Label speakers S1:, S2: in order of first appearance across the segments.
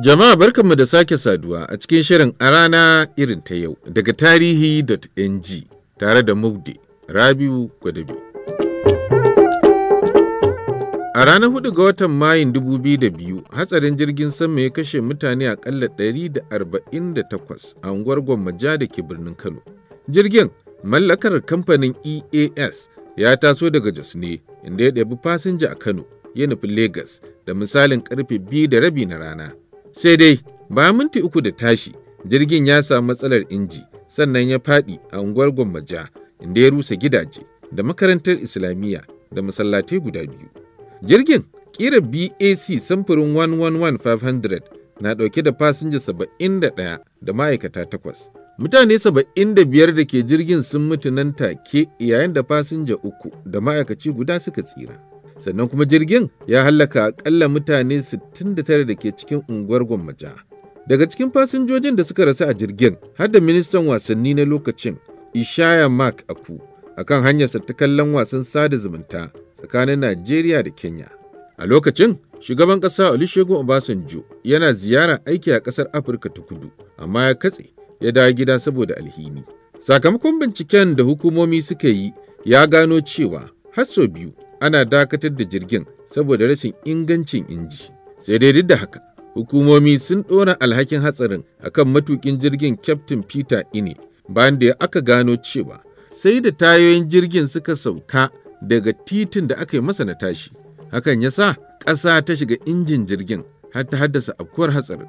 S1: Jama'a barkanmu da sake saduwa a cikin shirin a rana irin ta yau daga tarihi.ng tare da Mubde Rabiu Gwadabi. A ranar 4 ga watan Mayun 2002, hatsarin jirgin sama ya kashe mutane akalla 148 a unguwar Gwammaja da ke birnin Kano. Jirgin, mallakar kamfanin EAS, ya taso daga Jos ne, inda ya ɗabi fasinja a Kano, ya nufi Legas da misalin karfe biyu da rabi na rana. Sai dai bayan minti uku da tashi jirgin ya samu matsalar inji sannan ya faɗi a unguwar Gwammaja inda ya rusa gidaje da makarantar Islamiyya da masallatai guda biyu. Jirgin ƙira BAC samfurin 111500 na ɗauke da fasinja 71 da ma'aikata takwas. Mutane 75 da ke jirgin sun mutu nan take yayin da fasinja uku da ma'aikaci guda suka tsira. sannan kuma jirgin ya hallaka akalla mutane 69 da ke cikin unguwar gwammaja daga cikin fasinjojin da suka rasu a jirgin har da ministan wasanni na lokacin ishaya mark aku a kan hanyarsa ta kallon wasan sada zumunta tsakanin najeriya da kenya a lokacin shugaban ƙasa olusegun obasanjo yana ziyara aiki a ƙasar afirka ta kudu amma ya katse ya dawo gida saboda alhini sakamakon binciken da hukumomi suka yi ya gano cewa har sau biyu ana dakatar da jirgin saboda rashin ingancin inji. Sai dai duk da haka, hukumomi sun ɗora alhakin hatsarin akan matukin jirgin Captain Peter Ine bayan da aka gano cewa sai da tayoyin jirgin suka sauka daga titin da aka yi masa na tashi. Hakan ya sa ƙasa ta shiga injin jirgin har ta haddasa afkuwar hatsarin.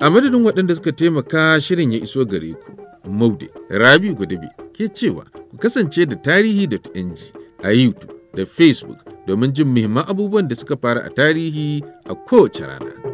S1: A madadin waɗanda suka taimaka shirin ya iso gare ku, Maude, Rabi Gudabi, ke cewa Ku kasance da tarihi.ng a YouTube da Facebook domin jin muhimman abubuwan da suka faru a tarihi a kowace rana.